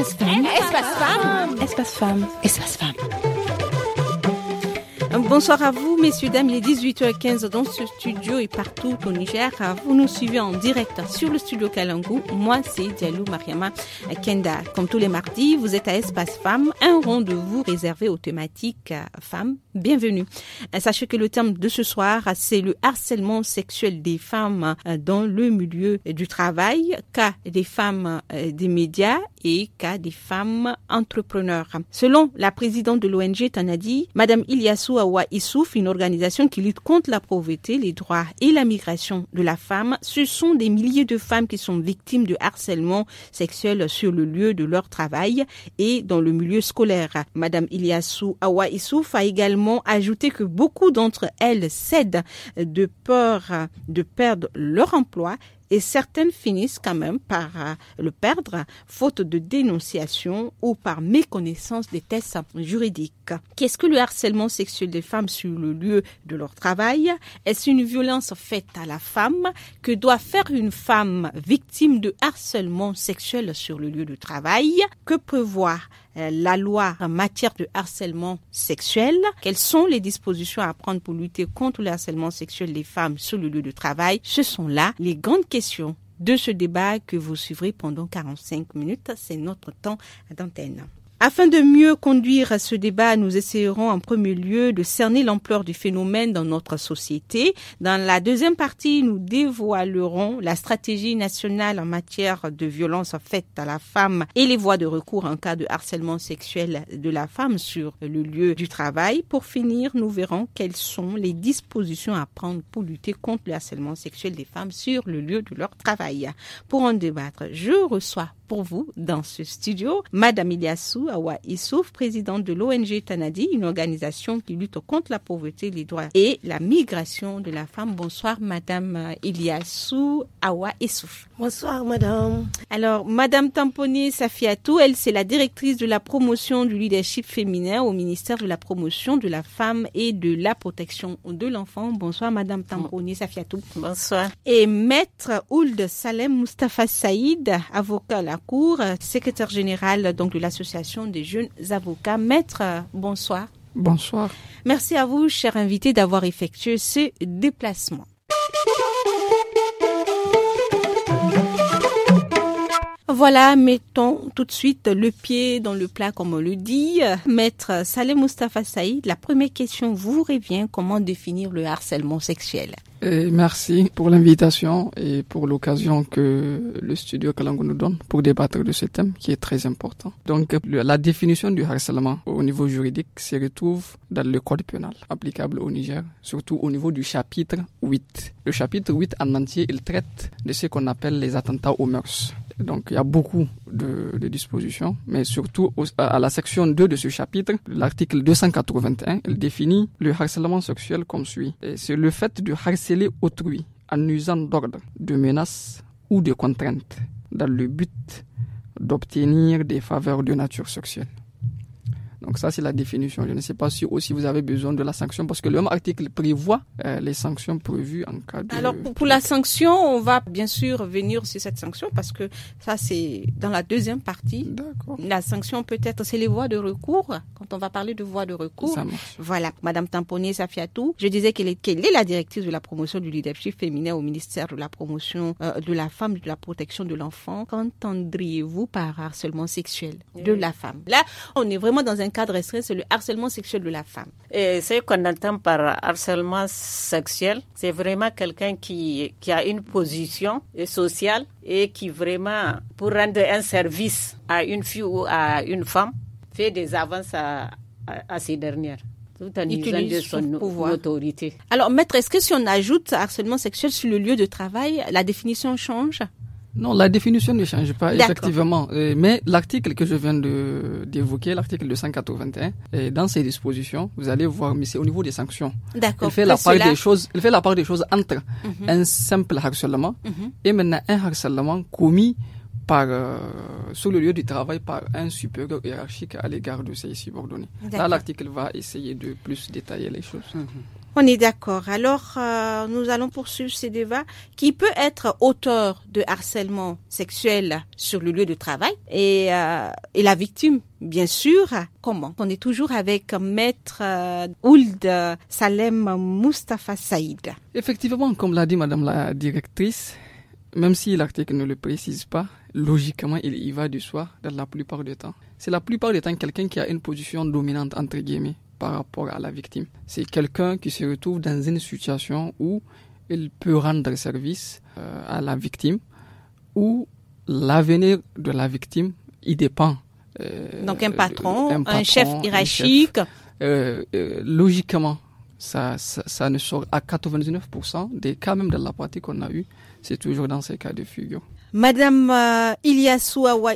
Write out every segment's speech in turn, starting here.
was warm. Es was warm. Es was warm. Es was warm. Bonsoir à vous, messieurs, dames, il 18h15 dans ce studio et partout au Niger. Vous nous suivez en direct sur le studio Kalangu. Moi, c'est Diallo Mariama Kenda. Comme tous les mardis, vous êtes à Espace Femmes, un rendez-vous réservé aux thématiques euh, femmes. Bienvenue. Euh, sachez que le thème de ce soir, c'est le harcèlement sexuel des femmes euh, dans le milieu du travail, cas des femmes des médias et cas des femmes entrepreneurs. Selon la présidente de l'ONG Tanadi, Madame Ilyasu Awa Issouf, une organisation qui lutte contre la pauvreté, les droits et la migration de la femme, ce sont des milliers de femmes qui sont victimes de harcèlement sexuel sur le lieu de leur travail et dans le milieu scolaire. Madame Iliassou Awa Issouf a également ajouté que beaucoup d'entre elles cèdent de peur de perdre leur emploi et certaines finissent quand même par euh, le perdre faute de dénonciation ou par méconnaissance des tests juridiques. Qu'est-ce que le harcèlement sexuel des femmes sur le lieu de leur travail Est-ce une violence faite à la femme que doit faire une femme victime de harcèlement sexuel sur le lieu de travail Que peut voir euh, la loi en matière de harcèlement sexuel, quelles sont les dispositions à prendre pour lutter contre le harcèlement sexuel des femmes sur le lieu de travail. Ce sont là les grandes questions de ce débat que vous suivrez pendant 45 minutes. C'est notre temps d'antenne. Afin de mieux conduire ce débat, nous essayerons en premier lieu de cerner l'ampleur du phénomène dans notre société. Dans la deuxième partie, nous dévoilerons la stratégie nationale en matière de violence faite à la femme et les voies de recours en cas de harcèlement sexuel de la femme sur le lieu du travail. Pour finir, nous verrons quelles sont les dispositions à prendre pour lutter contre le harcèlement sexuel des femmes sur le lieu de leur travail. Pour en débattre, je reçois pour vous dans ce studio Madame Iliassou Awa Issouf, présidente de l'ONG Tanadi, une organisation qui lutte contre la pauvreté, les droits et la migration de la femme. Bonsoir Madame Iliassou Awa Issouf. Bonsoir Madame. Alors Madame Tamponé Safiatou, elle c'est la directrice de la promotion du leadership féminin au ministère de la promotion de la femme et de la protection de l'enfant. Bonsoir Madame Tamponé Safiatou. Bonsoir. Et Maître Ould Salem Mustafa Saïd, avocat à la secrétaire général donc, de l'Association des jeunes avocats. Maître, bonsoir. Bonsoir. Merci à vous, cher invité, d'avoir effectué ce déplacement. Voilà, mettons tout de suite le pied dans le plat, comme on le dit. Maître Saleh Mustafa Saïd, la première question vous revient. Comment définir le harcèlement sexuel merci pour l'invitation et pour l'occasion que le studio Kalango nous donne pour débattre de ce thème qui est très important. Donc, la définition du harcèlement au niveau juridique se retrouve dans le code pénal applicable au Niger, surtout au niveau du chapitre 8. Le chapitre 8 en entier, il traite de ce qu'on appelle les attentats aux mœurs. Donc il y a beaucoup de, dispositions, mais surtout à la section 2 de ce chapitre, l'article 281, il définit le harcèlement sexuel comme suit. C'est le fait de harceler autrui en usant d'ordre, de menaces ou de contraintes dans le but d'obtenir des faveurs de nature sexuelle. Donc ça, c'est la définition. Je ne sais pas si aussi vous avez besoin de la sanction parce que le article prévoit euh, les sanctions prévues en cas de... Alors pour, la sanction, on va bien sûr venir sur cette sanction parce que ça, c'est dans la deuxième partie. D'accord. La sanction peut-être, c'est les voies de recours. Quand on va parler de voies de recours, ça voilà. Madame tamponier Safiatou, je disais qu'elle est, la directrice de la promotion du leadership féminin au ministère de la promotion euh, de la femme, de la protection de l'enfant. Qu'entendriez-vous par harcèlement sexuel de la femme Là, on est vraiment dans un un cadre restreint, c'est le harcèlement sexuel de la femme. Et ce qu'on entend par harcèlement sexuel, c'est vraiment quelqu'un qui, qui a une position sociale et qui vraiment, pour rendre un service à une fille ou à une femme, fait des avances à, ces dernières tout en utilisant son pouvoir. autorité. Alors, maître, est-ce que si on ajoute harcèlement sexuel sur le lieu de travail, la définition change non, la définition ne change pas, effectivement. Euh, mais l'article que je viens d'évoquer, l'article 281, euh, dans ses dispositions, vous allez voir, mais c'est au niveau des sanctions. D'accord. Il fait, la part des choses, il fait la part des choses entre mhm. un simple harcèlement mhm. et maintenant un harcèlement commis par, euh, sur le lieu du travail par un supérieur hiérarchique à l'égard de ses subordonnés. Là, l'article va essayer de plus détailler les choses. Mhm. On est d'accord. Alors, euh, nous allons poursuivre ce débat qui peut être auteur de harcèlement sexuel sur le lieu de travail et, euh, la victime, bien sûr. Comment On est toujours avec Maître euh, Ould Salem Mustafa Saïd. Effectivement, comme l'a dit Madame la directrice, même si l'article ne le précise pas, logiquement, il y va du soir dans la plupart du temps. C'est la plupart du temps quelqu'un qui a une position dominante, entre guillemets par rapport à la victime. C'est quelqu'un qui se retrouve dans une situation où il peut rendre service euh, à la victime, où l'avenir de la victime y dépend. Euh, Donc un patron, euh, un, chef hiérarchique. logiquement, ça, ça, ne sort à 99% des cas même de la pratique qu'on a eu, c'est toujours dans ces cas de figure. Madame euh, awa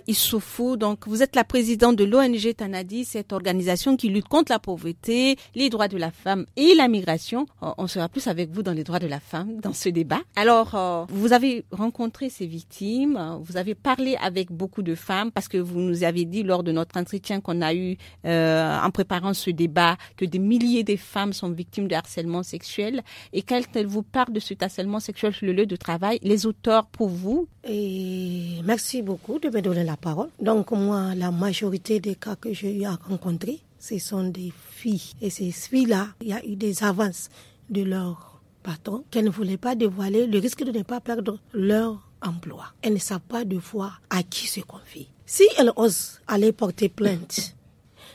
donc vous êtes la présidente de l'ONG Tanadi, cette organisation qui lutte contre la pauvreté, les droits de la femme et la migration. Oh, on sera plus avec vous dans les droits de la femme dans ce débat. Alors, euh, vous avez rencontré ces victimes, euh, vous avez parlé avec beaucoup de femmes parce que vous nous avez dit lors de notre entretien qu'on a eu euh, en préparant ce débat que des milliers de femmes sont victimes de harcèlement sexuel et quand elles vous parlent de ce harcèlement sexuel sur le lieu de travail, les auteurs pour vous et merci beaucoup de me donner la parole. Donc moi, la majorité des cas que j'ai eu à rencontrer, ce sont des filles. Et ces filles-là, il y a eu des avances de leur patron qu'elles ne voulaient pas dévoiler le risque de ne pas perdre leur emploi. Elles ne savent pas de fois à qui se confier. Si elles osent aller porter plainte,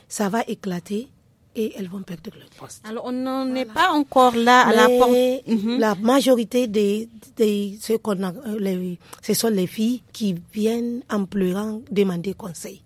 ça va éclater et elles vont perdre leur poste. Alors, on n'en est pas encore là à la porte. Mhm. La majorité des, des ce qu'on euh, ce sont les filles qui viennent en pleurant demander conseil.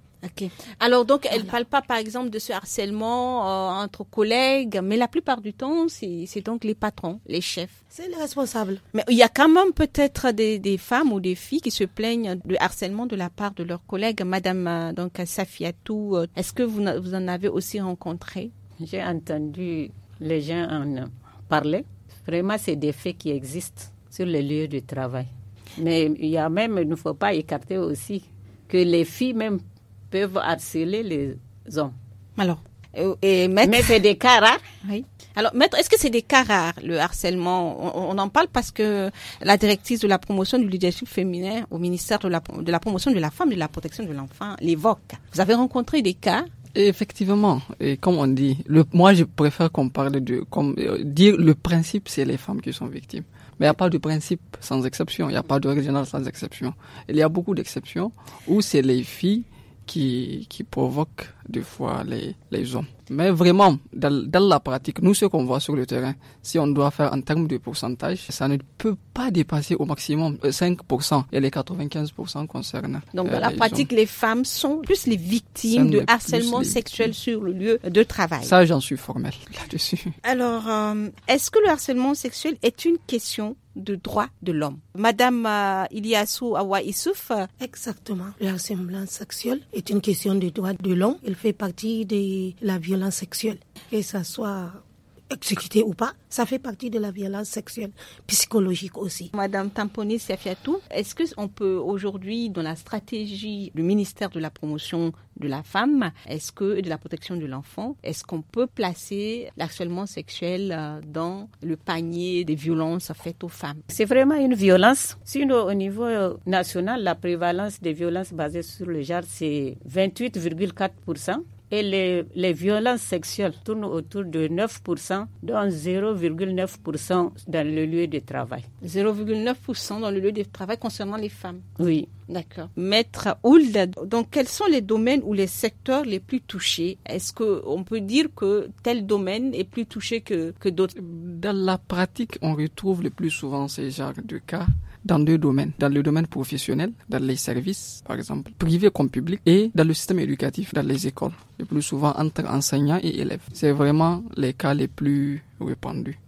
Alors donc, elle ne parle pas par exemple de ce harcèlement euh, entre collègues, mais la plupart du temps, c'est donc les patrons, les chefs. C'est les responsables. Mais il y a quand même peut-être des, femmes ou des filles qui se plaignent de harcèlement de la part de leurs collègues. Madame euh, donc Safiatou, euh, est-ce que vous, vous en avez aussi rencontré J'ai entendu les gens en parler. Vraiment, c'est des faits qui existent sur les lieux de travail. Mais il y a même, il ne faut pas écarter aussi que les filles même peuvent harceler les hommes. Alors et des cas Oui. Alors, maître, est-ce que c'est des cas rares, le harcèlement on, en parle parce que la directrice de la promotion du leadership féminin au ministère de la, promotion de la femme et de la protection de l'enfant l'évoque. Vous avez rencontré des cas Effectivement, et comme on dit, moi je préfère qu'on parle de, comme, euh, dire le principe, c'est les femmes qui sont victimes. Mais il n'y a pas de principe sans exception, il n'y a pas de règle sans exception. Il y a beaucoup d'exceptions où c'est les filles qui, qui provoquent des fois les, les hommes. Mais vraiment, dans, dans la pratique, nous, ce qu'on voit sur le terrain, si on doit faire en termes de pourcentage, ça ne peut pas dépasser au maximum 5% euh, et les 95% concernent euh, Donc, dans la pratique, les femmes sont plus les victimes de harcèlement sexuel sur le lieu de travail. Ça, j'en suis formel là-dessus. Alors, euh, est-ce que le harcèlement sexuel est une question de droits de l'homme. Madame euh, Iliassou Awa Issouf. Euh, Exactement. La semblance sexuelle est une question de droits de l'homme. Elle fait partie de la violence sexuelle, que ce soit exécuté ou pas, ça fait partie de la violence sexuelle psychologique aussi. Madame Tamponi Safiatou, est-ce qu'on peut aujourd'hui, dans la stratégie du ministère de la promotion de la femme, est-ce que de la protection de l'enfant, est-ce qu'on peut placer l'actuellement sexuel euh, dans le panier des violences faites aux femmes C'est vraiment une violence. Sinon, au niveau euh, national, la prévalence des violences basées sur le genre, c'est 28,4% et les, violences sexuelles tournent autour de 9%, dont 0,9% dans le lieu de travail. 0,9% dans le lieu de travail concernant les femmes. Oui. D'accord. Maître Ould, donc quels sont les domaines ou les secteurs les plus touchés Est-ce qu'on peut dire que tel domaine est plus touché que, que d'autres Dans la pratique, on retrouve le plus souvent ces genres de cas dans deux domaines. Dans le domaine professionnel, dans les services, par exemple, privés comme publics, et dans le système éducatif, dans les écoles, le plus souvent entre enseignants et élèves. C'est vraiment les cas les plus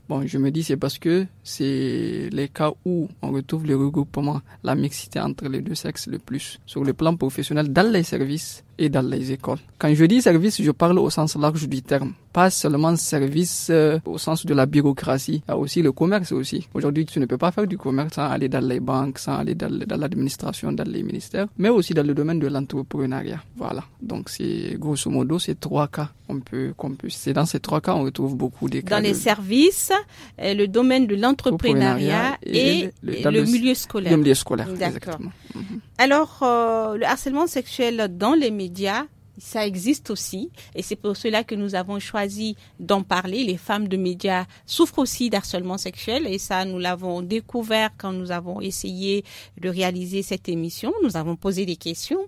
Bon, je me dis c'est parce que c'est les cas où on retrouve le regroupement, la mixité entre les deux sexes le plus sur le plan professionnel dans les services et dans les écoles. Quand je dis service, je parle au sens large du terme, pas seulement service euh, au sens de la bureaucratie, il a aussi le commerce aussi. Aujourd'hui, tu ne peux pas faire du commerce sans aller dans les banques, sans aller dans, l'administration, dans les ministères, mais aussi dans le domaine de l'entrepreneuriat. Voilà. Donc c'est grosso modo ces trois cas. qu'on peut, qu'on peut, c'est dans ces trois cas on retrouve beaucoup des cas services, euh, le domaine de l'entrepreneuriat et, le, milieu scolaire. Le milieu mhm. Alors, euh, le harcèlement sexuel dans les médias, ça existe aussi et c'est pour cela que nous avons choisi d'en parler. Les femmes de médias souffrent aussi d'harcèlement sexuel et ça nous l'avons découvert quand nous avons essayé de réaliser cette émission. Nous avons posé des questions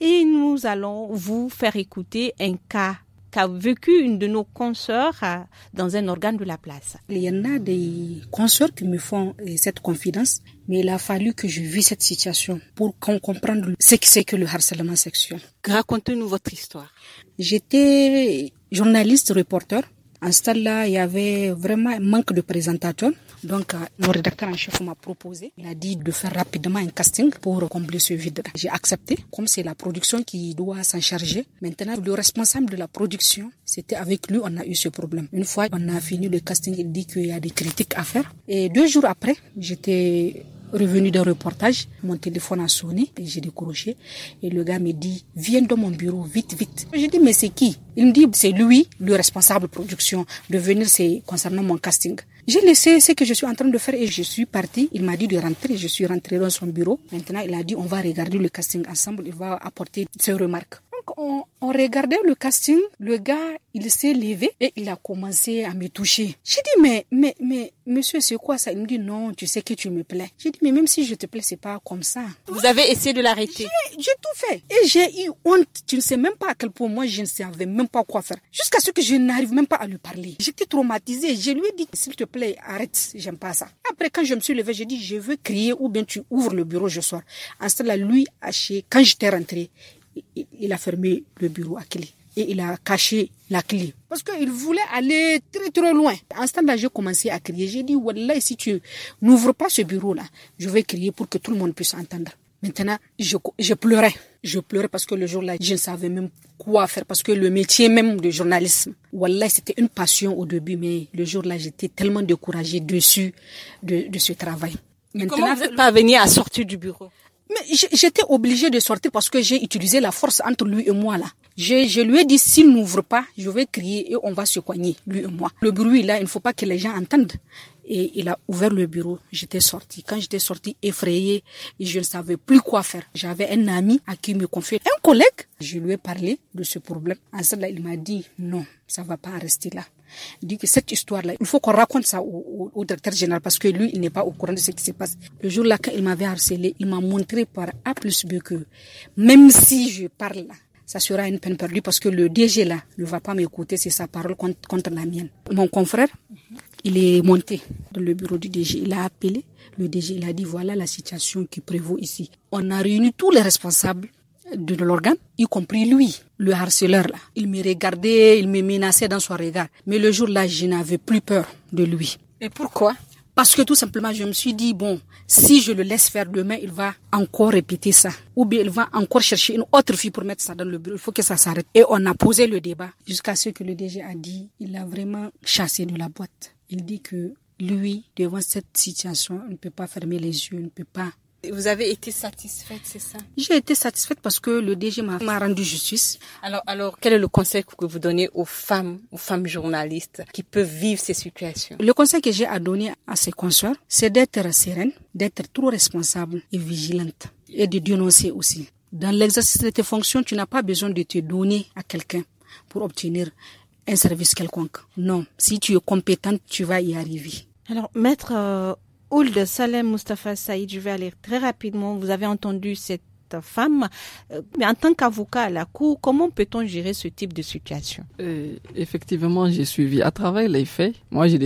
et nous allons vous faire écouter un cas a vécu une de nos consoeurs euh, dans un organe de la place. Il y en a des consoeurs qui me font euh, cette confidence, mais il a fallu que je vive cette situation pour comprendre ce que c'est que le harcèlement sexuel. Racontez-nous votre histoire. J'étais journaliste reporter. En ce stade là il y avait vraiment un manque de présentateurs. Donc, euh, mon rédacteur en chef m'a proposé, il a dit de faire rapidement un casting pour combler ce vide. J'ai accepté, comme c'est la production qui doit s'en charger. Maintenant, le responsable de la production, c'était avec lui, on a eu ce problème. Une fois on a fini le casting, il dit qu'il y a des critiques à faire. Et deux jours après, j'étais revenu d'un reportage. Mon téléphone a sonné, et j'ai décroché et le gars me dit viens dans mon bureau vite vite. J'ai dit mais c'est qui Il me dit c'est lui, le responsable production de venir c'est concernant mon casting. J'ai laissé ce que je suis en train de faire et je suis partie. Il m'a dit de rentrer, je suis rentrée dans son bureau. Maintenant, il a dit on va regarder le casting ensemble, il va apporter ses remarques on, on regardait le casting, le gars, il s'est levé et il a commencé à me toucher. J'ai dit, mais, mais, mais, monsieur, c'est quoi ça? Il me dit, non, tu sais que tu me plais. J'ai dit, mais même si je te plais, c'est pas comme ça. Vous avez essayé de l'arrêter? J'ai tout fait. Et j'ai eu honte. Tu ne sais même pas à quel point moi, je ne savais même pas quoi faire. Jusqu'à ce que je n'arrive même pas à lui parler. J'étais traumatisée. Je lui ai dit, s'il te plaît, arrête, j'aime pas ça. Après, quand je me suis levée, j'ai dit, je veux crier ou bien tu ouvres le bureau, je sors. En cela, lui, haché, quand j'étais rentrée, il a fermé le bureau à clé et il a caché la clé. Parce qu'il voulait aller très très loin. En ce temps-là, j'ai commencé à crier. J'ai dit, Wallah, si tu n'ouvres pas ce bureau-là, je vais crier pour que tout le monde puisse entendre. Maintenant, je, pleurais. Je pleurais parce que le jour-là, je ne savais même quoi faire. Parce que le métier même de journalisme, Wallah, c'était une passion au début. Mais le jour-là, j'étais tellement découragée dessus de, ce travail. Maintenant, comment vous pas venir à sortir du bureau mais j'étais obligée de sortir parce que j'ai utilisé la force entre lui et moi là. Je, lui ai dit s'il n'ouvre pas, je vais crier et on va se coigner, lui et moi. Le bruit là, il ne faut pas que les gens entendent. Et il a ouvert le bureau. J'étais sortie. Quand j'étais sortie effrayée, je ne savais plus quoi faire. J'avais un ami à qui me confiait, un collègue. Je lui ai parlé de ce problème. En cela, il m'a dit non, ça va pas rester là dit que cette histoire-là, il faut qu'on raconte ça au, directeur général parce que lui, il n'est pas au courant de ce qui se passe. Le jour-là, quand il m'avait harcelé, il m'a montré par A plus B que même si je parle ça sera une peine perdue parce que le DG là ne va pas m'écouter, c'est sa parole contre, la mienne. Mon confrère, mhm. il est monté dans le bureau du DG, il a appelé le DG, il a dit voilà la situation qui prévaut ici. On a réuni tous les responsables de l'organe, y compris lui, le harceleur là. Il me regardait, il me menaçait dans son regard. Mais le jour-là, je n'avais plus peur de lui. Et pourquoi parce que tout simplement, je me suis dit, bon, si je le laisse faire demain, il va encore répéter ça. Ou bien il va encore chercher une autre fille pour mettre ça dans le bureau. Il faut que ça s'arrête. Et on a posé le débat jusqu'à ce que le DG a dit, il l'a vraiment chassé de la boîte. Il dit que lui, devant cette situation, ne peut pas fermer les yeux, il ne peut pas vous avez été satisfaite, c'est ça J'ai été satisfaite parce que le DG m'a rendu justice. Alors, alors, quel est le conseil que vous donnez aux femmes, aux femmes journalistes qui peuvent vivre ces situations Le conseil que j'ai à donner à ces consoeurs, c'est d'être sereine, d'être trop responsable et vigilante et de dénoncer aussi. Dans l'exercice de tes fonctions, tu n'as pas besoin de te donner à quelqu'un pour obtenir un service quelconque. Non, si tu es compétente, tu vas y arriver. Alors, maître, euh, de Salem Mustafa Saïd, je vais aller très rapidement. Vous avez entendu cette femme. Euh, mais en tant qu'avocat à la Cour, comment peut-on gérer ce type de situation euh, Effectivement, j'ai suivi à travers les faits. Moi, je,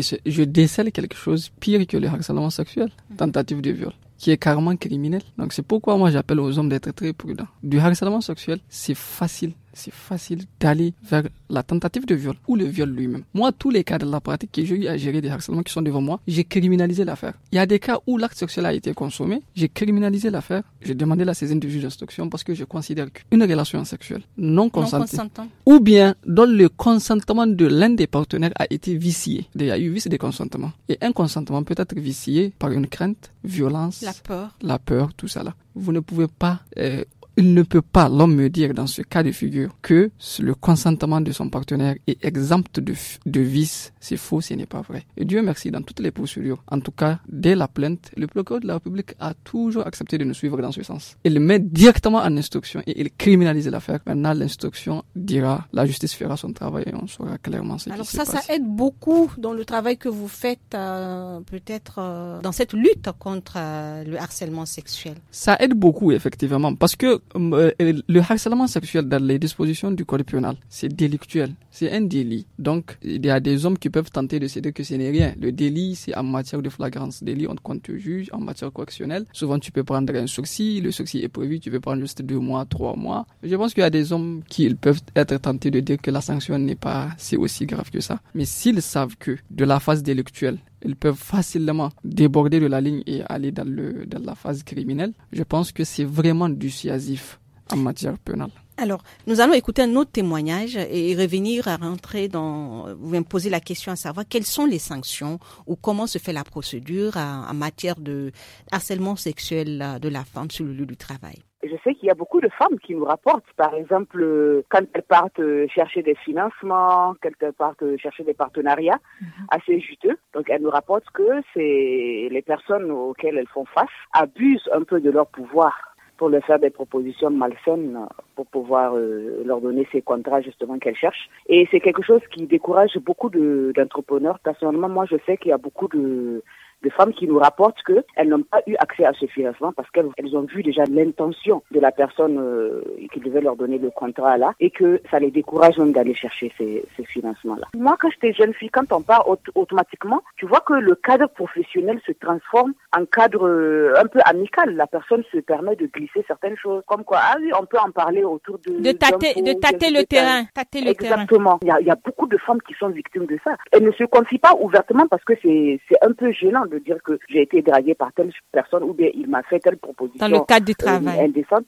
décèle, quelque chose pire que le harcèlement sexuel, mhm. tentative de viol qui est carrément criminel. Donc c'est pourquoi moi j'appelle aux hommes d'être très prudents. Du harcèlement sexuel, c'est facile c'est facile d'aller vers la tentative de viol ou le viol lui-même. Moi, tous les cas de la pratique que j'ai eu à gérer des harcèlements qui sont devant moi, j'ai criminalisé l'affaire. Il y a des cas où l'acte sexuel a été consommé, j'ai criminalisé l'affaire, j'ai demandé la saisine du juge d'instruction parce que je considère qu'une relation sexuelle non consentante ou bien dont le consentement de l'un des partenaires a été vicié. Il y a eu vice de consentement. Et un consentement peut être vicié par une crainte, violence, la peur, la peur tout ça là. Vous ne pouvez pas euh, il ne peut pas, l'homme me dire dans ce cas de figure, que le consentement de son partenaire est exempt de, de vice. C'est faux, ce n'est pas vrai. Et Dieu merci, dans toutes les procédures, en tout cas, dès la plainte, le procureur de la République a toujours accepté de nous suivre dans ce sens. Il met directement en instruction et il criminalise l'affaire. Maintenant, l'instruction dira, la justice fera son travail et on saura clairement ce qui ça, se passe. ça aide beaucoup dans le travail que vous faites, euh, peut-être, euh, dans cette lutte contre euh, le harcèlement sexuel. Ça aide beaucoup, effectivement, parce que Hum, euh, euh, le harcèlement sexuel dans les dispositions du code pénal, c'est délictuel, c'est un délit. Donc, il y a des hommes qui peuvent tenter de se dire que ce n'est rien. Le délit, c'est en matière de flagrance délit, on compte te juge, en matière correctionnelle. Souvent, tu peux prendre un souci. le succès est prévu, tu peux prendre juste deux mois, trois mois. Je pense qu'il y a des hommes qui peuvent être tentés de dire que la sanction n'est pas si aussi grave que ça. Mais s'ils savent que de la phase délictuelle, ils peuvent facilement déborder de la ligne et aller dans, la phase criminelle. Je pense que c'est vraiment du dissuasif en matière pénale. Alors, nous allons écouter un autre témoignage et revenir à rentrer dans, vous me poser la question à savoir quelles sont les sanctions ou comment se fait la procédure en matière de harcèlement sexuel euh, de la femme sur le lieu du travail. Je sais qu'il y a beaucoup de femmes qui nous rapportent, par exemple, quand elles partent chercher des financements, quand elles partent chercher des partenariats mhm. assez juteux. Donc elles nous rapportent que c'est les personnes auxquelles elles font face abusent un peu de leur pouvoir pour leur faire des propositions malsaines pour pouvoir euh, leur donner ces contrats justement qu'elles cherchent. Et c'est quelque chose qui décourage beaucoup d'entrepreneurs. Personnellement, moi, je sais qu'il y a beaucoup de de femmes qui nous rapportent qu'elles n'ont pas eu accès à ce financement parce qu'elles ont vu déjà l'intention de la personne euh, qui devait leur donner le contrat là et que ça les décourage même d'aller chercher ces, financements-là. Moi, quand j'étais jeune fille, quand on part automatiquement, tu vois que le cadre professionnel se transforme en cadre euh, un peu amical. La personne se permet de glisser certaines choses comme quoi, ah oui, on peut en parler autour de... De tâter, de le terrain. Tâter le Exactement. Il y, il y a beaucoup de femmes qui sont victimes de ça. Elles ne se confient pas ouvertement parce que c'est un peu gênant de dire que j'ai été draguée par telle personne ou bien il m'a fait telle proposition. Dans le cadre du euh, travail. Indécente.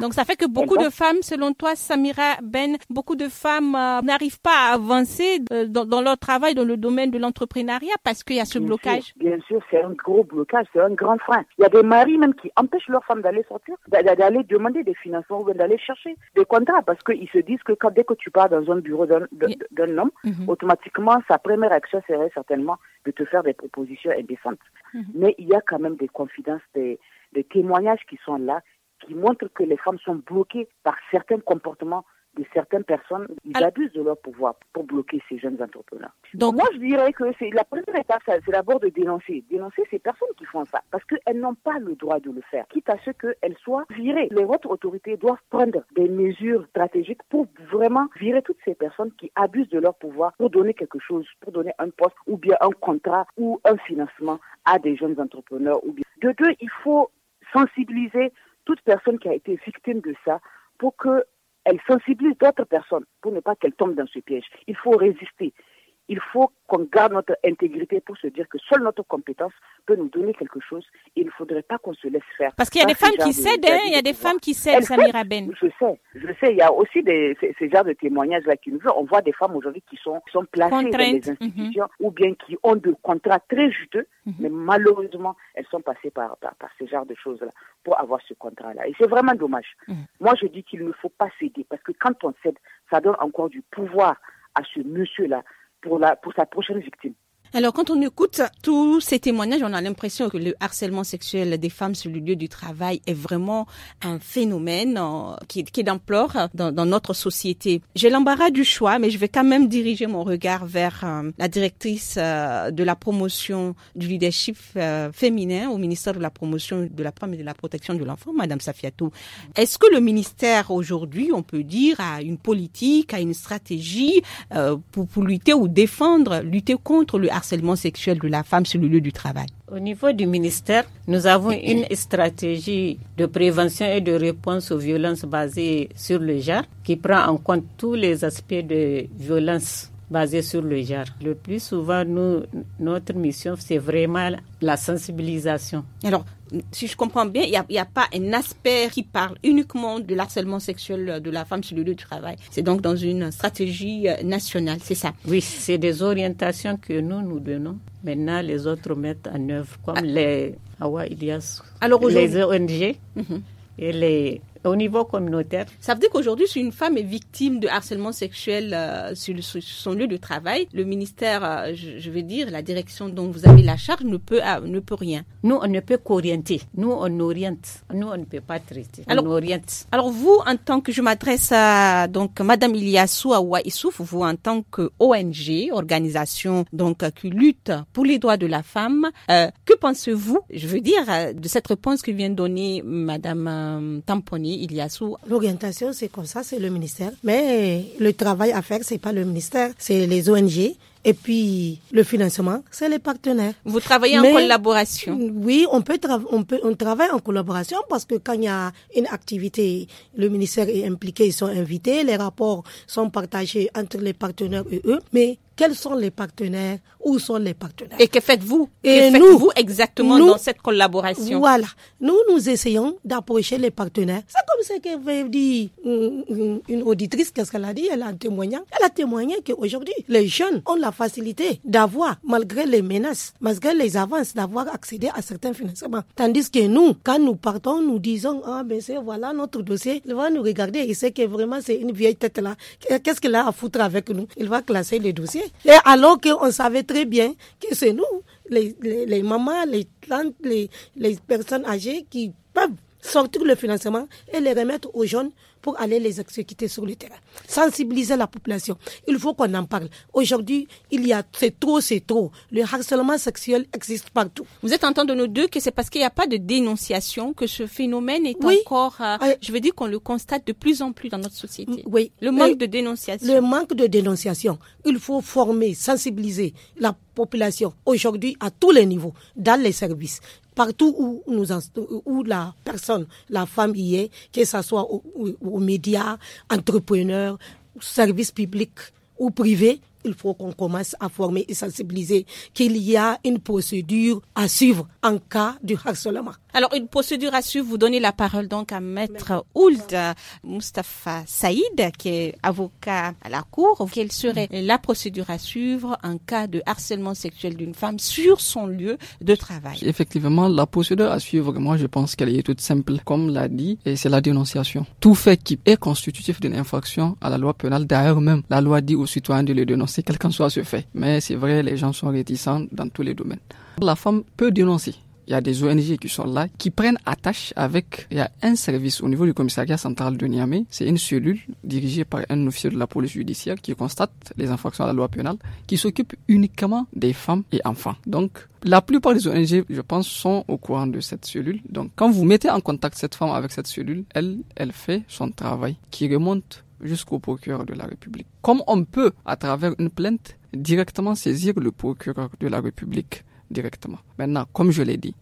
Donc ça fait que beaucoup de femmes, selon toi, Samira Ben, beaucoup de femmes euh, n'arrivent pas à avancer euh, dans, leur travail, dans le domaine de l'entrepreneuriat, parce qu'il y a ce blocage. bien sûr, c'est un gros blocage, c'est un grand frein. Il y a des maris même qui empêchent leurs femmes d'aller sortir, d'aller demander des financements ou d'aller chercher des contrats, parce qu'ils se disent que dès que tu pars dans un bureau d'un homme, mhm. automatiquement, sa première action serait certainement de te faire des propositions indécentes. Mhm. Mais il y a quand même des confidences, des témoignages qui sont là qui montrent que les femmes sont bloquées par certains comportements de certaines personnes. Ils abusent de leur pouvoir pour bloquer ces jeunes entrepreneurs. Donc, moi, je dirais que c'est la première étape, c'est d'abord de dénoncer. Dénoncer ces personnes qui font ça parce qu'elles n'ont pas le droit de le faire, quitte à ce qu'elles soient virées. Les autres autorités doivent prendre des mesures stratégiques pour vraiment virer toutes ces personnes qui abusent de leur pouvoir pour donner quelque chose, pour donner un poste ou bien un contrat ou un financement à des jeunes entrepreneurs. Ou bien... De deux, il faut sensibiliser toute personne qui a été victime de ça pour qu'elle sensibilise d'autres personnes, pour ne pas qu'elle tombe dans ce piège. Il faut résister il faut qu'on garde notre intégrité pour se dire que seule notre compétence peut nous donner quelque chose. il ne faudrait pas qu'on se laisse faire. Parce qu'il y a des femmes qui cèdent, hein. il y a des femmes qui cèdent, Samira Ben. Je sais, je sais. Il y a aussi des, ces, genres de témoignages-là qui nous ont. On voit des femmes aujourd'hui qui sont, sont placées dans des mhm. institutions ou bien qui ont des contrats très juteux, mhm. mais malheureusement, elles sont passées par, par, genre ces genres de choses-là pour avoir ce contrat-là. Et c'est vraiment dommage. Mhm. Moi, je dis qu'il ne faut pas céder parce que quand on cède, ça donne encore du pouvoir à ce monsieur-là pour, la, pour sa prochaine victime. Alors, quand on écoute tous ces témoignages, on a l'impression que le harcèlement sexuel des femmes sur le lieu du travail est vraiment un phénomène euh, qui, qui est d'ampleur dans, dans, notre société. J'ai l'embarras du choix, mais je vais quand même diriger mon regard vers euh, la directrice euh, de la promotion du leadership féminin au ministère de la promotion de la femme et de la protection de l'enfant, Madame Safiatou. Est-ce que le ministère aujourd'hui, on peut dire, a une politique, a une stratégie pour, pour lutter ou défendre, lutter contre le harcèlement sexuel de la femme sur le lieu du travail. Au niveau du ministère, nous avons une stratégie de prévention et de réponse aux violences basées sur le genre qui prend en compte tous les aspects de violences basées sur le genre. Le plus souvent, nous, notre mission, c'est vraiment la sensibilisation. Alors, si je comprends bien, il n'y a, pas un aspect qui parle uniquement de l'harcèlement sexuel de la femme sur le lieu du travail. C'est donc dans une stratégie euh, nationale, c'est ça Oui, c'est des orientations que nous, nous donnons. Maintenant, les autres mettent en œuvre, comme ah. les Alors, les ONG mhm. et les au niveau communautaire. Ça veut dire qu'aujourd'hui, si une femme est victime de harcèlement sexuel euh, sur, son lieu de travail, le ministère, euh, je, veux dire, la direction dont vous avez la charge ne peut, ah, ne peut rien. Nous, on ne peut qu'orienter. Nous, on oriente. Nous, on ne peut pas traiter. Alors, on oriente. Alors, vous, en tant que, je m'adresse à, donc, Madame Iliassou Awa Issouf, vous, en tant que ONG, organisation, donc, qui lutte pour les droits de la femme, euh, que pensez-vous, je veux dire, de cette réponse que vient donner Madame Tamponi il y a sous. L'orientation, c'est comme ça, c'est le ministère. Mais le travail à faire, c'est pas le ministère, c'est les ONG. Et puis le financement, c'est les partenaires. Vous travaillez en collaboration. Oui, on peut, on peut on travaille en collaboration parce que quand il y a une activité, le ministère est impliqué, ils sont invités, les rapports sont partagés entre les partenaires et eux. Mais quels sont les partenaires, où sont les partenaires. Et que faites-vous Et vous exactement dans cette collaboration Voilà, nous, nous essayons d'approcher les partenaires. C'est comme ce que dit une auditrice, qu'est-ce qu'elle a dit Elle a témoigné. Elle a témoigné qu'aujourd'hui, les jeunes ont la facilité d'avoir, malgré les menaces, malgré les avances, d'avoir accédé à certains financements. Tandis que nous, quand nous partons, nous disons, ah ben c'est voilà notre dossier, il va nous regarder, il sait que vraiment c'est une vieille tête là, qu'est-ce qu'il a à foutre avec nous Il va classer les dossiers et alors qu'on savait très bien que c'est nous, les, les, les, mamans, les tantes, les personnes âgées qui peuvent sortir le financement et les remettre aux jeunes pour aller les exécuter sur le terrain. Sensibiliser la population. Il faut qu'on en parle. Aujourd'hui, il y a, c'est trop, c'est trop. Le harcèlement sexuel existe partout. Vous êtes en train de nous dire que c'est parce qu'il n'y a pas de dénonciation que ce phénomène est encore, euh, euh, je veux dire qu'on le constate de plus en plus dans notre société. Oui. Le manque de dénonciation. Le manque de dénonciation. Il faut former, sensibiliser la population aujourd'hui à tous les niveaux, dans les services, partout où, nous, où la personne, la femme y est, que ce soit aux, aux médias, entrepreneurs, services publics ou privés, il faut qu'on commence à former et sensibiliser qu'il y a une procédure à suivre en cas du harcèlement. Alors, une procédure à suivre, vous donnez la parole donc à Maître Ould Mustafa Saïd, qui est avocat à la Cour. Quelle serait la procédure à suivre en cas de harcèlement sexuel d'une femme sur son lieu de travail Effectivement, la procédure à suivre, moi, je pense qu'elle est toute simple. Comme l'a dit, et c'est la dénonciation. Tout fait qui est constitutif d'une infraction à la loi pénale, d'ailleurs même, la loi dit aux citoyens de le dénoncer, quel qu'en soit ce fait. Mais c'est vrai, les gens sont réticents dans tous les domaines. La femme peut dénoncer. Il y a des ONG qui sont là, qui prennent attache avec, il y a un service au niveau du commissariat central de Niamey. C'est une cellule dirigée par un officier de la police judiciaire qui constate les infractions à la loi pénale, qui s'occupe uniquement des femmes et enfants. Donc, la plupart des ONG, je pense, sont au courant de cette cellule. Donc, quand vous mettez en contact cette femme avec cette cellule, elle, elle fait son travail qui remonte jusqu'au procureur de la République. Comme on peut, à travers une plainte, directement saisir le procureur de la République directement. Maintenant, comme je l'ai dit,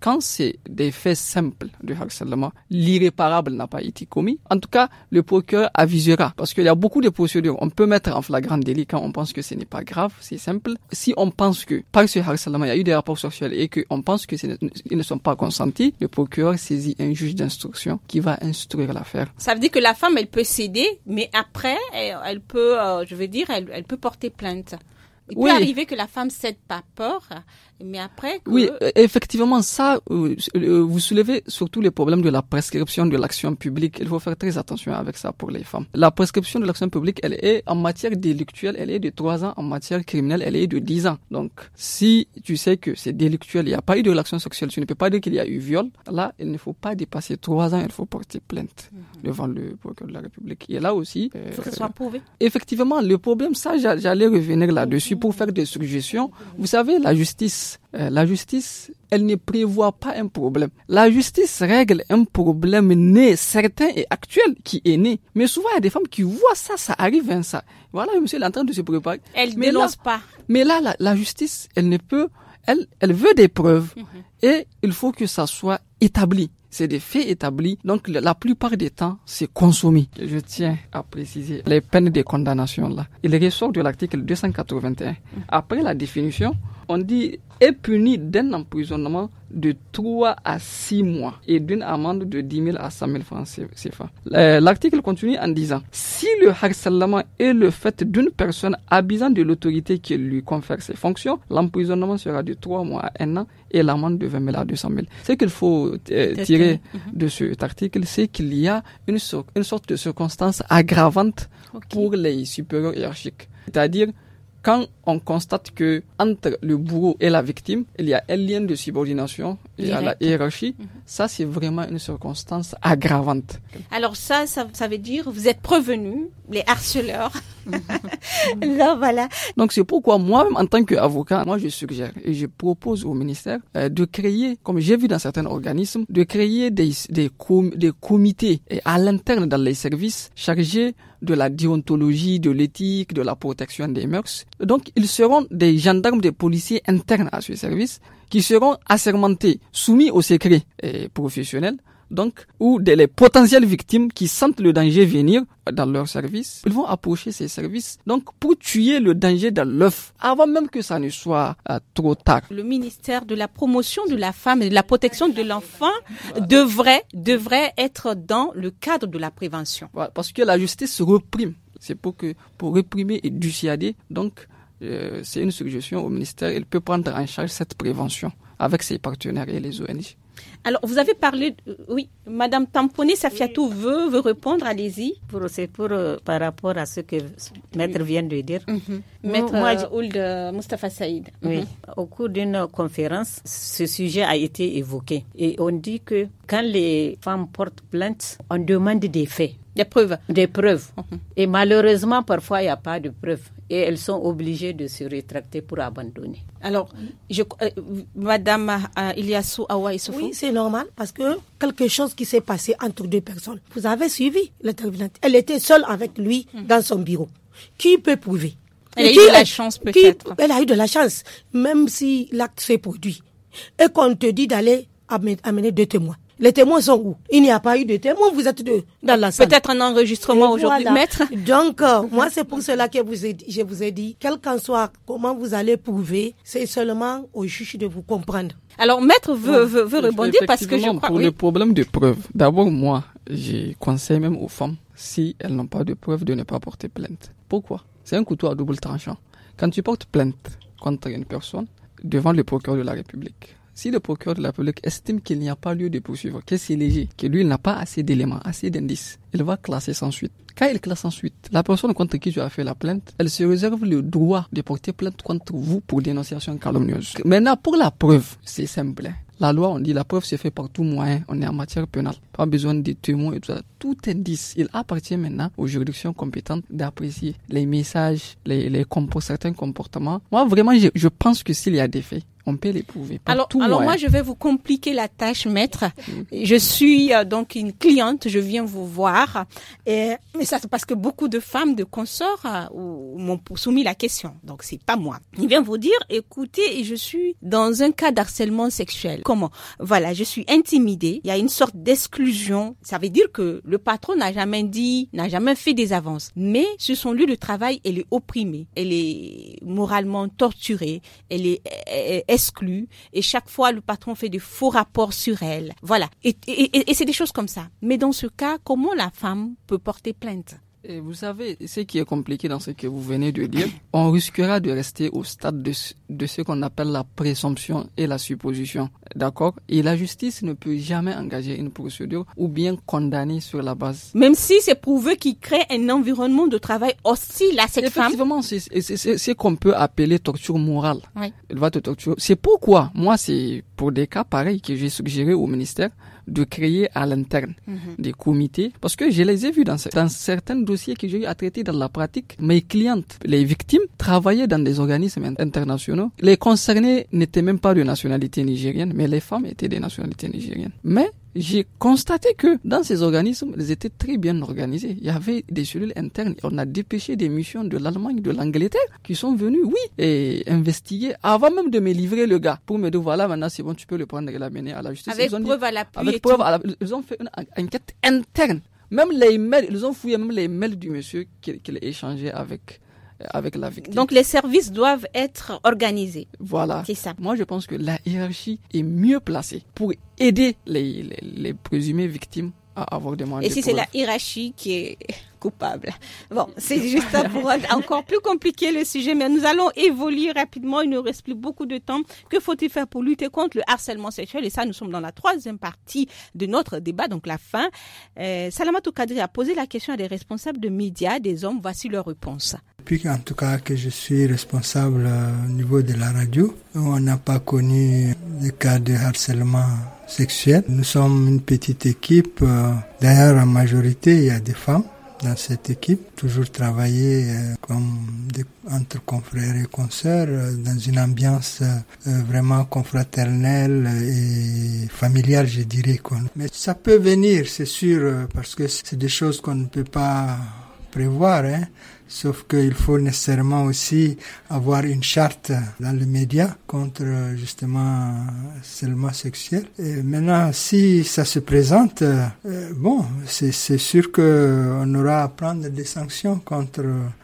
quand c'est des faits simples du harcèlement, l'irréparable n'a pas été commis. En tout cas, le procureur avisera parce qu'il y a beaucoup de procédures. On peut mettre en flagrant délit quand on pense que ce n'est pas grave, c'est simple. Si on pense que par ce harcèlement, il y a eu des rapports sexuels et qu'on pense que ne sont pas consentis, le procureur saisit un juge d'instruction qui va instruire l'affaire. Ça veut dire que la femme, elle peut céder, mais après, elle, peut, euh, je veux dire, elle, peut porter plainte. Il peut arriver que la femme cède par peur, mais après Oui, euh, effectivement, ça, euh, euh, vous soulevez surtout les problèmes de la prescription de l'action publique. Il faut faire très attention avec ça pour les femmes. La prescription de l'action publique, elle est en matière délictuelle, elle est de 3 ans. En matière criminelle, elle est de 10 ans. Donc, si tu sais que c'est délictuel, il n'y a pas eu de l'action sexuelle, tu ne peux pas dire qu'il y a eu viol. Là, il ne faut pas dépasser 3 ans, il faut porter plainte mhm. devant le procureur de la République. Et là aussi... Il que ce soit prouvé. Effectivement, le problème, ça, j'allais revenir là-dessus mhm. pour faire des suggestions. Vous savez, la justice euh, la justice, elle ne prévoit pas un problème. La justice règle un problème né, certain et actuel qui est né. Mais souvent, il y a des femmes qui voient ça, ça arrive, hein, ça. Voilà, monsieur, est en train de se préparer. Elle ne dénonce pas. Mais là, la, justice, elle ne peut, elle, elle veut des preuves. Mhm. Et il faut que ça soit établi c'est des faits établis. Donc la plupart des temps, c'est consommé. Je tiens à préciser les peines de condamnation là. Il ressort de l'article 281. Mhm. Après la définition, on dit, est puni d'un emprisonnement de 3 à 6 mois et d'une amende de 10 000 à 100 000 francs CFA. Euh, l'article continue en disant si le harcèlement est le fait d'une personne abusant de l'autorité qui lui confère ses fonctions, l'emprisonnement sera de 3 mois à 1 an et l'amende de 20 000 à 200 000. Ce qu'il faut euh, tirer mhm. de cet article, c'est qu'il y a une, une, sorte de circonstance aggravante pour les supérieurs hiérarchiques. C'est-à-dire, quand on constate que entre le bourreau et la victime, il y a un lien de subordination, il y a la hiérarchie, mhm. ça c'est vraiment une circonstance aggravante. Alors ça, ça, veut dire vous êtes prévenus, les harceleurs. Là, voilà. Donc c'est pourquoi moi, en tant qu'avocat, moi je suggère et je propose au ministère euh, de créer, comme j'ai vu dans certains organismes, de créer des, des, des comités à l'interne dans les services chargés de la déontologie, de l'éthique, de la protection des mœurs. Donc, ils seront des gendarmes, des policiers internes à ce service qui seront assermentés, soumis au secret eh, professionnel, donc, ou des les potentielles victimes qui sentent le danger venir dans leur service, ils vont approcher ces services, donc pour tuer le danger dans l'œuf, avant même que ça ne soit euh, trop tard. Le ministère de la promotion de la femme et de la protection de l'enfant devrait, devrait être dans le cadre de la prévention. parce que la justice se reprime. C'est pour que, pour réprimer et dissuader, donc, euh, c'est une suggestion au ministère, il peut prendre en charge cette prévention avec ses partenaires et les ONG. Alors, vous avez parlé, euh, oui, Madame Tamponé Safiatou veut, répondre, allez-y. c'est pour, euh, par rapport à ce que Maître vient de dire. Mhm. Maître euh, Ould Mustafa Saïd. Oui, mhm. au cours d'une conférence, ce sujet a été évoqué. Et on dit que quand les femmes portent plainte, on demande des faits. Des preuves. Des preuves. Mhm. Et malheureusement, parfois, il n'y a pas de preuves. Et elles sont obligées de se rétracter pour abandonner. Alors, je, euh, Madame il euh, Iliassou Awa Oui, c'est normal parce que quelque chose qui s'est passé entre deux personnes. Vous avez suivi l'intervenante. Elle était seule avec lui mhm. dans son bureau. Qui peut prouver Elle a eu de la chance peut-être. Elle a eu de la chance, même si l'acte s'est produit. Et qu'on te dit d'aller amener deux témoins. Les témoins sont où Il n'y a pas eu de témoins, vous êtes deux dans la salle. Peut-être un enregistrement aujourd'hui, maître. Donc, euh, moi, c'est pour cela que vous je vous ai dit, quel qu'en soit comment vous allez prouver, c'est seulement au juge de vous comprendre. Alors, maître veut, veut, rebondir parce que je crois... Pour le problème de preuve, d'abord, moi, je conseille même aux femmes, si elles n'ont pas de preuve, de ne pas porter plainte. Pourquoi C'est un couteau à double tranchant. Quand tu portes plainte contre une personne, devant le procureur de la République, si le procureur de la République estime qu'il n'y a pas lieu de poursuivre, que c'est léger, que lui n'a pas assez d'éléments, assez d'indices, il va classer sans suite. Quand il classe sans suite, la personne contre qui tu as fait la plainte, elle se réserve le droit de porter plainte contre vous pour dénonciation calomnieuse. Maintenant, pour la preuve, c'est simple. Hein. La loi, on dit la preuve se fait par tout moyen. Hein. On est en matière pénale. Pas besoin de témoins et tout ça. Tout indice, il appartient maintenant aux juridictions compétentes d'apprécier les messages, les, certains comportements. Moi, vraiment, je, je pense que s'il y a des faits, on peut l'éprouver. Alors, tout alors moi, je vais vous compliquer la tâche, maître. Je suis euh, donc une cliente, je viens vous voir. Et, mais ça, c'est parce que beaucoup de femmes de consorts euh, m'ont soumis la question. Donc, c'est pas moi. il vient vous dire, écoutez, je suis dans un cas d'harcèlement sexuel. Comment Voilà, je suis intimidée. Il y a une sorte d'exclusion. Ça veut dire que le patron n'a jamais dit, n'a jamais fait des avances. Mais ce sont lui de travail, elle est opprimée. Elle est moralement torturée. Elle est... Elle est exclue et chaque fois le patron fait des faux rapports sur elle. Voilà. et c'est des choses comme ça. Mais dans ce cas, comment la femme peut porter plainte vous savez, ce qui est compliqué dans ce que vous venez de dire, on risquera de rester au stade de, ce qu'on appelle la présomption et la supposition. D'accord Et la justice ne peut jamais engager une procédure ou bien condamner sur la base. Même si c'est prouvé qu'il crée un environnement de travail hostile à cette femme. Effectivement, c'est ce qu'on peut appeler torture morale. Elle va te torturer. C'est pourquoi, moi, c'est pour des cas pareils que j'ai suggéré au ministère de créer à l'interne mhm. des comités, parce que je les ai vus dans, certains dossiers que j'ai eu à traiter dans la pratique. Mes clientes, les victimes, travaillaient dans des organismes internationaux. Les concernés n'étaient même pas de nationalité nigérienne, mais les femmes étaient des nationalités nigériennes. Mais j'ai constaté que dans ces organismes, ils étaient très bien organisés. Il y avait des cellules internes. On a dépêché des missions de l'Allemagne, de l'Angleterre, qui sont venues, oui, et investiguer avant même de me livrer le gars pour me dire voilà, maintenant c'est bon, tu peux le prendre et l'amener à la justice. Avec preuve à Avec preuve à Ils ont fait une enquête interne. Même les mails, ils ont fouillé même les mails du monsieur qu'il échangeait avec avec la victime. Donc les services doivent être organisés. Voilà. ça. Moi, je pense que la hiérarchie est mieux placée pour aider les, les, présumées victimes à avoir des moyens. Et si c'est la hiérarchie qui est coupable. Bon, c'est juste ça pour encore plus compliquer le sujet, mais nous allons évoluer rapidement. Il ne reste plus beaucoup de temps. Que faut-il faire pour lutter contre le harcèlement sexuel Et ça, nous sommes dans la troisième partie de notre débat, donc la fin. Euh, Salamatou Kadri a posé la question à des responsables de médias, des hommes. Voici leur réponse. Depuis en tout cas que je suis responsable euh, au niveau de la radio, on n'a pas connu de cas de harcèlement sexuel. Nous sommes une petite équipe. Euh, d'ailleurs, en majorité, il y a des femmes dans cette équipe, toujours travailler euh, comme des, entre confrères et consoeurs euh, dans une ambiance euh, vraiment confraternelle et familiale, je dirais. Mais ça peut venir, c'est sûr, parce que c'est des choses qu'on ne peut pas prévoir. Hein. Sauf qu'il faut nécessairement aussi avoir une charte dans les médias contre justement seulement sexuel. Et maintenant, si ça se présente, euh, bon, c'est sûr qu'on aura à prendre des sanctions contre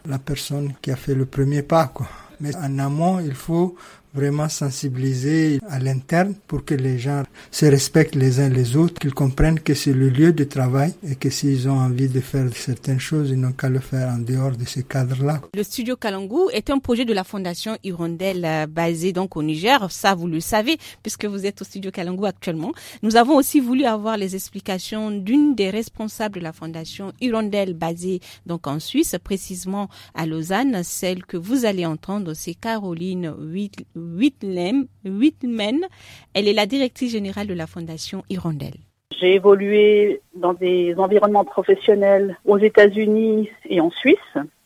la personne qui a fait le premier pas. Quoi. Mais en amont, il faut vraiment sensibiliser à l'interne pour que les gens se respectent les uns les autres, qu'ils comprennent que c'est le lieu de travail et que s'ils ont envie de faire certaines choses, ils n'ont qu'à le faire en dehors de ce cadre-là. Le studio Kalangu est un projet de la Fondation Hirondelle euh, basée donc au Niger. Ça, vous le savez, puisque vous êtes au studio Kalangu actuellement. Nous avons aussi voulu avoir les explications d'une des responsables de la Fondation Hirondelle basée donc en Suisse, précisément à Lausanne. Celle que vous allez entendre, c'est Caroline 8 Whitlam, Whitman. Elle est la directrice générale de la Fondation Hirondelle. J'ai évolué dans des environnements professionnels aux États-Unis et en Suisse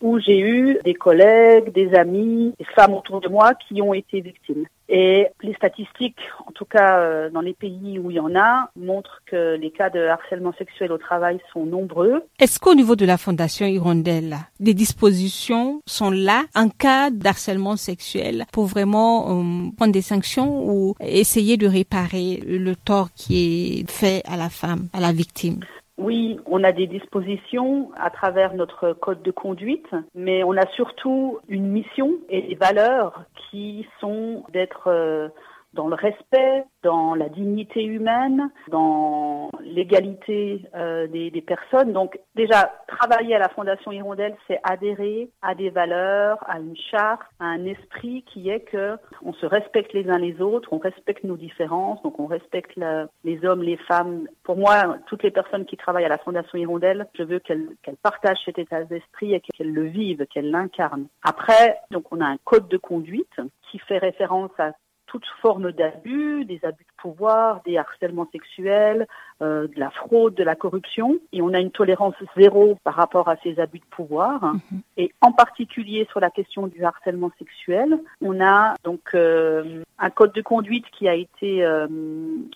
où j'ai eu des collègues, des amis, des femmes autour de moi qui ont été victimes. Et les statistiques, en tout cas euh, dans les pays où il y en a, montrent que les cas de harcèlement sexuel au travail sont nombreux. Est-ce qu'au niveau de la Fondation Hirondelle, des dispositions sont là en cas d'harcèlement sexuel pour vraiment euh, prendre des sanctions ou essayer de réparer le tort qui est fait à la femme, à la victime oui, on a des dispositions à travers notre code de conduite, mais on a surtout une mission et des valeurs qui sont d'être euh, dans le respect, dans la dignité humaine, dans l'égalité euh, des, personnes. Donc déjà, travailler à la Fondation Hirondelle, c'est adhérer à des valeurs, à une charte, à un esprit qui est que on se respecte les uns les autres, on respecte nos différences, donc on respecte les hommes, les femmes. Pour moi, toutes les personnes qui travaillent à la Fondation Hirondelle, je veux qu'elles partagent cet état d'esprit et qu'elles le vivent, qu'elles l'incarnent. Après, donc on a un code de conduite qui fait référence à toute forme d'abus, des abus de pouvoir, des harcèlements sexuels, euh, de la fraude, de la corruption, et on a une tolérance zéro par rapport à ces abus de pouvoir. Mhm. Et en particulier sur la question du harcèlement sexuel, on a donc euh, un code de conduite qui a été euh,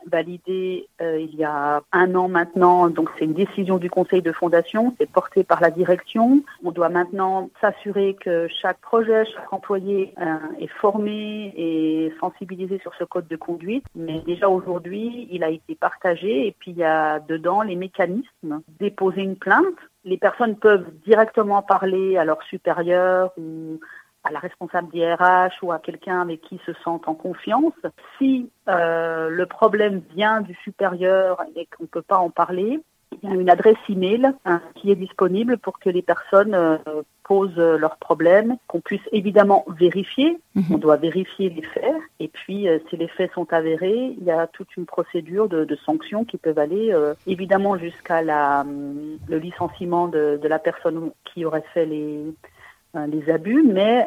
validé il y a un an maintenant. Donc c'est une décision du conseil de fondation, c'est porté par la direction. On doit maintenant s'assurer que chaque projet, chaque employé est formé et sensibilisé sur ce code de conduite. Mais déjà aujourd'hui, il a été partagé et puis il y a dedans les mécanismes, déposer une plainte. Les personnes peuvent directement parler à leur supérieur ou à la responsable d'IRH ou à quelqu'un avec qui se sentent en confiance. Si euh, le problème vient du supérieur et qu'on ne peut pas en parler, il y a une adresse email mail hein, qui est disponible pour que les personnes euh, posent leurs problèmes, qu'on puisse évidemment vérifier. Mhm. On doit vérifier les faits. Et puis, euh, si les faits sont avérés, il y a toute une procédure de, sanctions qui peuvent aller euh, évidemment jusqu'à la, hum, le licenciement de, la personne qui aurait fait les, les abus, mais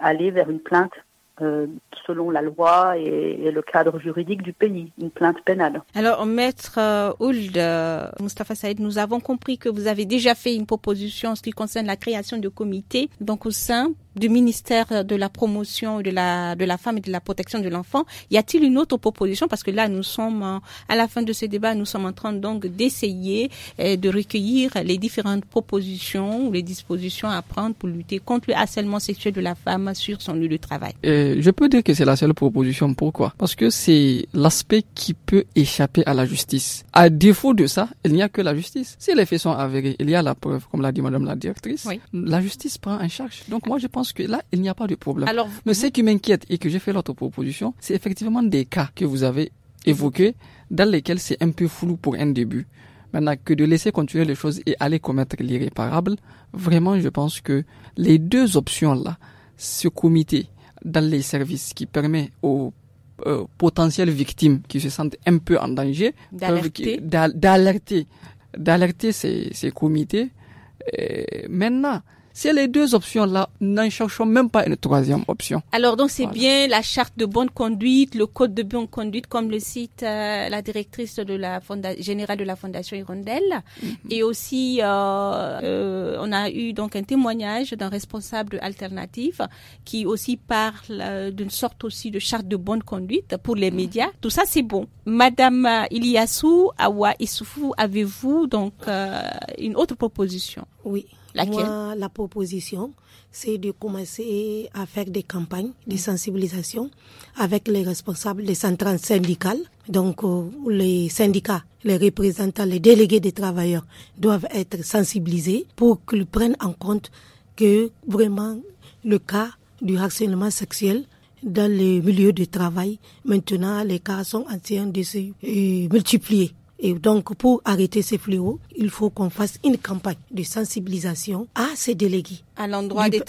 aller vers une plainte euh, selon la loi et, le cadre juridique du pays, une plainte pénale. Alors, maître euh, Ould, euh, Mustafa Saïd, nous avons compris que vous avez déjà fait une proposition en ce qui concerne la création de comités, donc au sein du ministère de la promotion de la, de la femme et de la protection de l'enfant, y a-t-il une autre proposition Parce que là, nous sommes à la fin de ce débat, nous sommes en train donc d'essayer euh, de recueillir les différentes propositions ou les dispositions à prendre pour lutter contre le harcèlement sexuel de la femme sur son lieu de travail. Euh, je peux dire que c'est la seule proposition. Pourquoi Parce que c'est l'aspect qui peut échapper à la justice. À défaut de ça, il n'y a que la justice. Si les faits sont avérés, il y a la preuve, comme l'a dit Madame la directrice. Oui. La justice prend en charge. Donc moi, je pense que là, il n'y a pas de problème. Mais ce qui m'inquiète et que j'ai fait l'autre proposition, c'est effectivement des cas que vous avez évoqués dans lesquels c'est un peu flou pour un début. Maintenant, que de laisser continuer les choses et aller commettre l'irréparable, vraiment, je pense que les deux options-là, ce comité dans les services qui permet aux euh, potentielles victimes qui se sentent un peu en danger d'alerter d'alerter ces, ces comités. Et maintenant, c'est les deux options-là. N'en cherchons même pas une troisième option. Alors donc c'est bien la charte de bonne conduite, le code de bonne conduite, comme le cite euh, la directrice de la générale de la Fondation Hirondelle. Mhm. Et aussi, euh, euh, on a eu donc un témoignage d'un responsable alternatif qui aussi parle d'une sorte aussi de charte de bonne conduite pour les mhm. médias. Tout ça, c'est bon. Madame Iliassou, Awa Issoufou, avez-vous donc une autre proposition Oui. Moi, la proposition, c'est de commencer à faire des campagnes de sensibilisation avec les responsables des centrales syndicales. Donc, euh, les syndicats, les représentants, les délégués des travailleurs doivent être sensibilisés pour qu'ils prennent en compte que vraiment le cas du harcèlement sexuel dans les milieux de travail, maintenant, les cas sont en train de se euh, multiplier. Et donc, pour arrêter ces fléaux, il faut qu'on fasse une campagne de sensibilisation à ces délégués. À l'endroit des,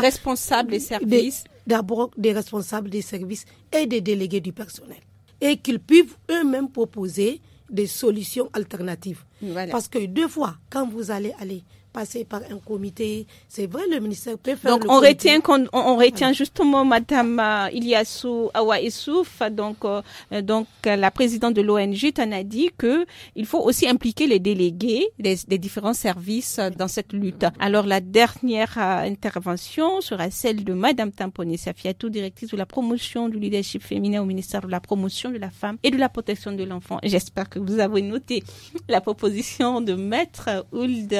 responsables des services. D'abord, des responsables des services et des délégués du personnel. Et qu'ils puissent eux-mêmes proposer des solutions alternatives. Parce que deux fois, quand vous allez aller passer par un comité. C'est vrai, le ministère peut faire. Donc, on, Retient on, on, retient justement Madame euh, Iliassou Awa Issouf, donc, euh, euh, donc la présidente de l'ONG, t'en a dit que il faut aussi impliquer les délégués des, différents services dans cette lutte. Alors, la dernière intervention sera celle de Madame Tamponi Safiatou, directrice de la promotion du leadership féminin au ministère de la promotion de la femme et de la protection de l'enfant. J'espère que vous avez noté la proposition de Maître Ould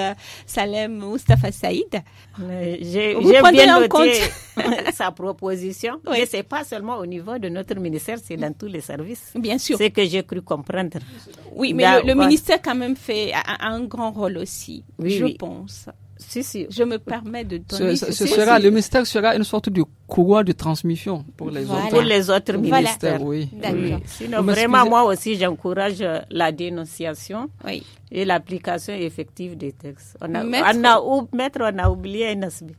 Salem Mustafa Saïd. J'ai en compte sa proposition, oui. mais ce n'est pas seulement au niveau de notre ministère, c'est dans tous les services. Bien sûr. C'est que j'ai cru comprendre. Oui, mais le, ministère quand même fait un grand rôle aussi, je pense. Si, si, je me permets de donner. Ce, sera, Le mystère sera une sorte de courroie de transmission pour les autres. Pour les autres ministères, oui. Sinon, vraiment, moi aussi, j'encourage euh, la dénonciation et l'application effective des textes. On a, on a, oublié un aspect.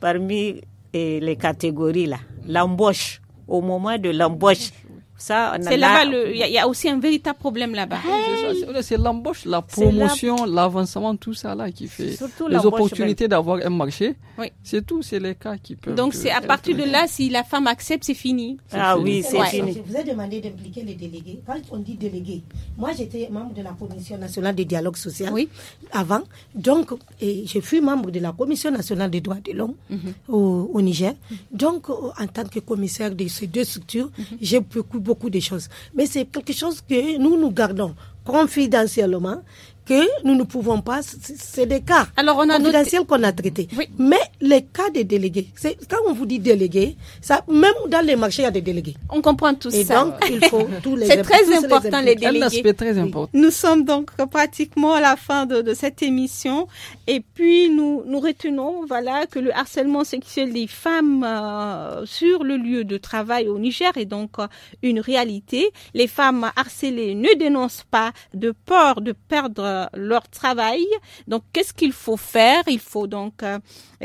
Parmi eh, les catégories, là, l'embauche, au moment de l'embauche, c'est là-bas, il y, a aussi un véritable problème là-bas. c'est l'embauche, la promotion, l'avancement, tout ça là qui fait Surtout les opportunités ben. d'avoir un marché. Oui. C'est tout, c'est les cas qui peuvent. Donc c'est à partir de là, si la femme accepte, c'est fini. Ah oui, c'est fini. Je vous ai demandé d'impliquer les délégués. Quand on dit délégué, moi j'étais membre de la Commission nationale de dialogue social oui. avant, donc et je fus membre de la Commission nationale des droits de l'homme mhm. au, Niger. Donc en tant que commissaire de ces deux structures, mhm. j'ai beaucoup beaucoup de choses. Mais c'est quelque chose que nous nous gardons confidentiellement nous ne pouvons pas. C'est des cas Alors on a confidentiels qu'on a traités. Mais les cas des délégués, c'est quand on vous dit délégués, même dans les marchés, il y a des délégués. On comprend tout ça. il faut tous les C'est très important, les, délégués. très important. Nous sommes donc pratiquement à la fin de, cette émission. Et puis, nous, nous retenons voilà, que le harcèlement sexuel des femmes euh, sur le lieu de travail au Niger est donc euh, une réalité. Les femmes harcelées ne dénoncent pas de peur de perdre euh, leur travail. Donc, qu'est-ce qu'il faut faire Il faut donc euh,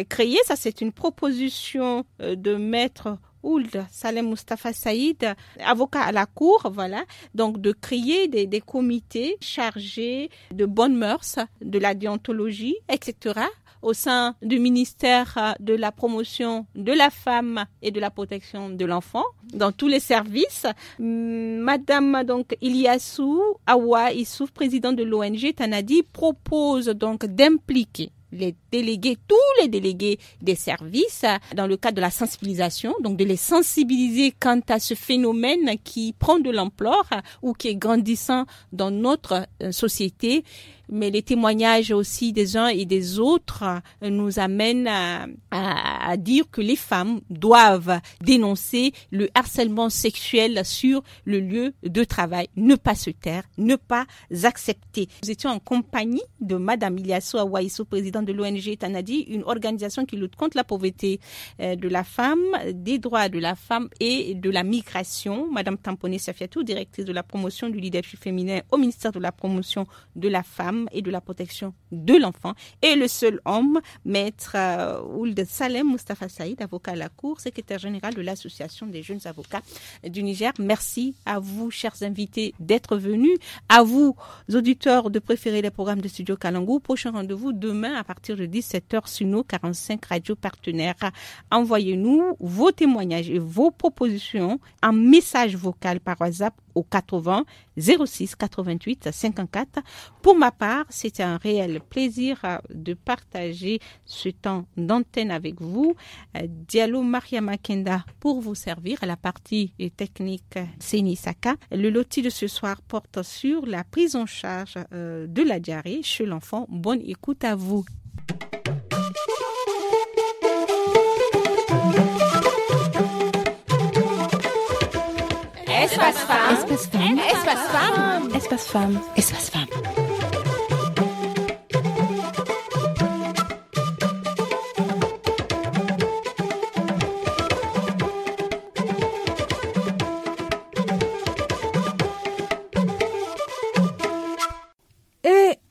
créer, ça c'est une proposition euh, de maître Ould Salem Mustafa Saïd, avocat à la cour, voilà, donc de créer des, des comités chargés de bonnes mœurs, de la déontologie, etc au sein du ministère euh, de la promotion de la femme et de la protection de l'enfant dans tous les services. Madame donc Iliassou Awa Issouf, présidente de l'ONG Tanadi, propose donc d'impliquer les délégués, tous les délégués des services, euh, dans le cadre de la sensibilisation, donc de les sensibiliser quant à ce phénomène qui prend de l'ampleur euh, ou qui est grandissant dans notre société mais les témoignages aussi des uns et des autres nous amènent à, dire que les femmes doivent dénoncer le harcèlement sexuel sur le lieu de travail, ne pas se taire, ne pas accepter. Nous étions en compagnie de Madame Iliasso Awaiso, présidente de l'ONG Tanadi, une organisation qui lutte contre la pauvreté euh, de la femme, des droits de la femme et de la migration. Madame Tamponé Safiatou, directrice de la promotion du leadership féminin au ministère de la promotion de la femme et de la protection de l'enfant. Et le seul homme, maître euh, Ould Salem Mustafa Saïd, avocat à la Cour, secrétaire général de l'Association des jeunes avocats du Niger. Merci à vous, chers invités, d'être venus. À vous, auditeurs, de préférer les programmes de Studio Kalangou. Prochain rendez-vous demain à partir de 17h sur nos 45 radios partenaires. Envoyez-nous vos témoignages et vos propositions en message vocal par WhatsApp au 80 06 88 54. Pour ma part, c'est un réel plaisir euh, de partager ce temps d'antenne avec vous. Euh, Diallo Maria Makenda pour vous servir à la partie technique Senisaka. Le loti de ce soir porte sur la prise en charge euh, de la diarrhée chez l'enfant. Bonne écoute à vous. Espace femme. Espace femme. Espace femme. Espace femme. Espace femme.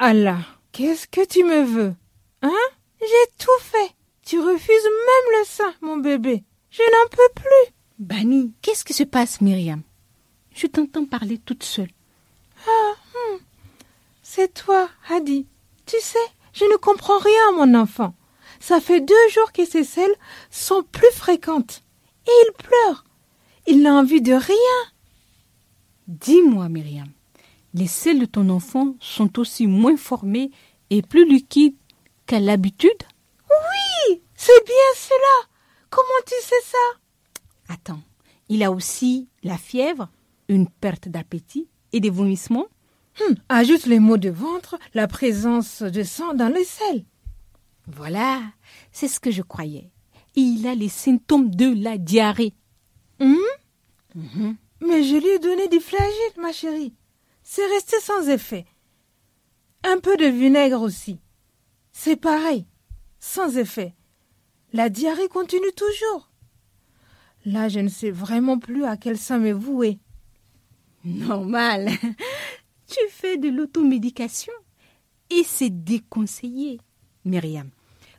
Allah, qu'est-ce que tu me veux Hein J'ai tout fait. Tu refuses même le sein, mon bébé. Je n'en peux plus. Bani, qu'est-ce qui se passe, Myriam Je t'entends parler toute seule. Ah, hmm. c'est toi, Hadi. Tu sais, je ne comprends rien, mon enfant. Ça fait deux jours que ses selles sont plus fréquentes. Et il pleure. Il n'a envie de rien. Dis-moi, Myriam, les selles de ton enfant sont aussi moins formées et plus liquides qu'à l'habitude Oui, c'est bien cela. Comment tu sais ça Attends, il a aussi la fièvre, une perte d'appétit et des vomissements. Hum, ajoute les maux de ventre, la présence de sang dans les selles. Voilà, c'est ce que je croyais. Il a les symptômes de la diarrhée. Hum? Mhm. Mais je lui ai donné des flagettes, ma chérie c'est resté sans effet. Un peu de vinaigre aussi. C'est pareil, sans effet. La diarrhée continue toujours. Là, je ne sais vraiment plus à quel saint me vouer. Normal. Tu fais de l'automédication et c'est déconseillé. Myriam,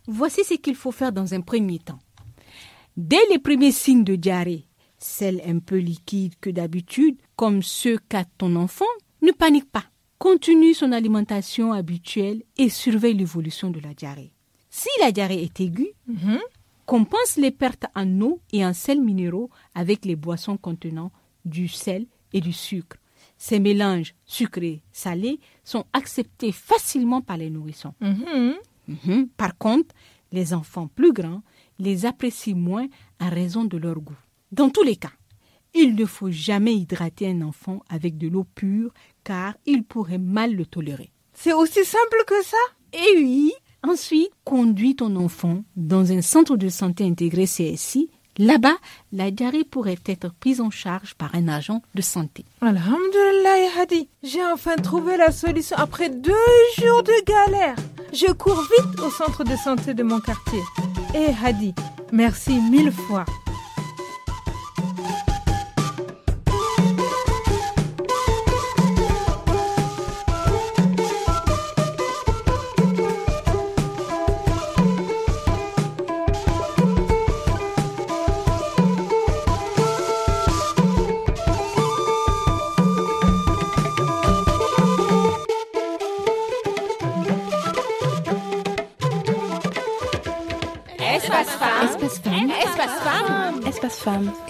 voici ce qu'il faut faire dans un premier temps. Dès les premiers signes de diarrhée, celle un peu liquide que d'habitude, comme ceux qu'a ton enfant, ne panique pas. Continue son alimentation habituelle et surveille l'évolution de la diarrhée. Si la diarrhée est aiguë, mhm. compense les pertes en eau et en sels minéraux avec les boissons contenant du sel et du sucre. Ces mélanges sucrés-salés sont acceptés facilement par les nourrissons. Mhm. Mhm. Par contre, les enfants plus grands les apprécient moins à raison de leur goût. Dans tous les cas, il ne faut jamais hydrater un enfant avec de l'eau pure car il pourrait mal le tolérer. C'est aussi simple que ça Eh oui Ensuite, conduis ton enfant dans un centre de santé intégré CSI. Là-bas, la diarrhée pourrait être prise en charge par un agent de santé. Alhamdulillah, Hadi, j'ai enfin trouvé la solution après deux jours de galère. Je cours vite au centre de santé de mon quartier. Eh Hadi, merci mille fois. FM.